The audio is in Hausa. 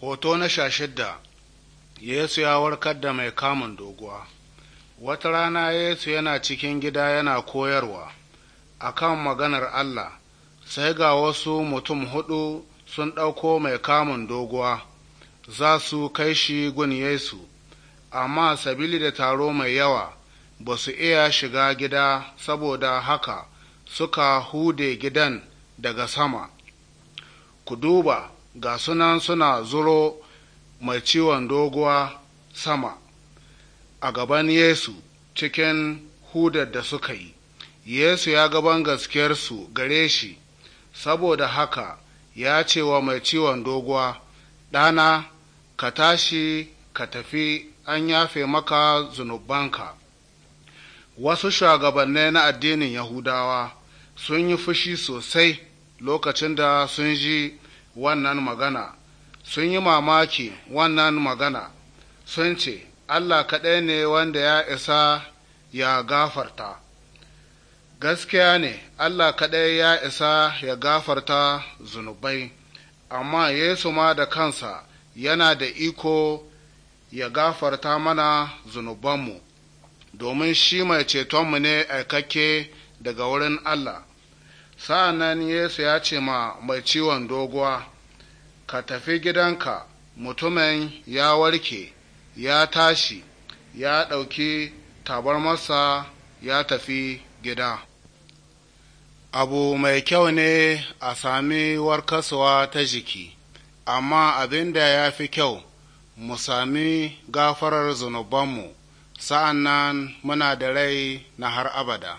Hoto na sha shidda Yesu ya warkar da mai kamun doguwa Wata rana Yesu yana cikin gida yana koyarwa a kan maganar Allah, sai ga wasu mutum huɗu sun ɗauko mai kamun doguwa, za su kai shi gun Yesu, amma sabili da taro mai yawa ba su iya shiga gida saboda haka suka hude gidan daga sama. Ku duba, ga sunan suna zuro mai ciwon doguwa sama a gaban Yesu cikin hudar da suka yi, Yesu ya gaban gaskiyarsu gare shi, saboda haka ya ce wa mai ciwon doguwa, ɗana, ka tashi ka tafi an yafe maka zunubanka. Wasu shugabannai na addinin Yahudawa sun yi fushi sosai lokacin da sun ji wannan magana sun yi mamaki wannan magana sun ce Allah kaɗai ne wanda ya isa ya gafarta gaskiya ne Allah kaɗai ya isa ya gafarta zunubai amma Yesu ma da kansa yana da iko ya gafarta mana zunubanmu domin shi mai cetonmu ne aikakke daga wurin Allah sa'an nan Yesu ya ce ma mai ciwon doguwa ka tafi gidanka mutumin ya warke ya tashi ya ɗauki tabarmarsa ya tafi gida abu mai kyau ne a sami warkaswa ta jiki amma abin da ya fi kyau mu sami gafarar zunubanmu sa'an nan muna da rai na har abada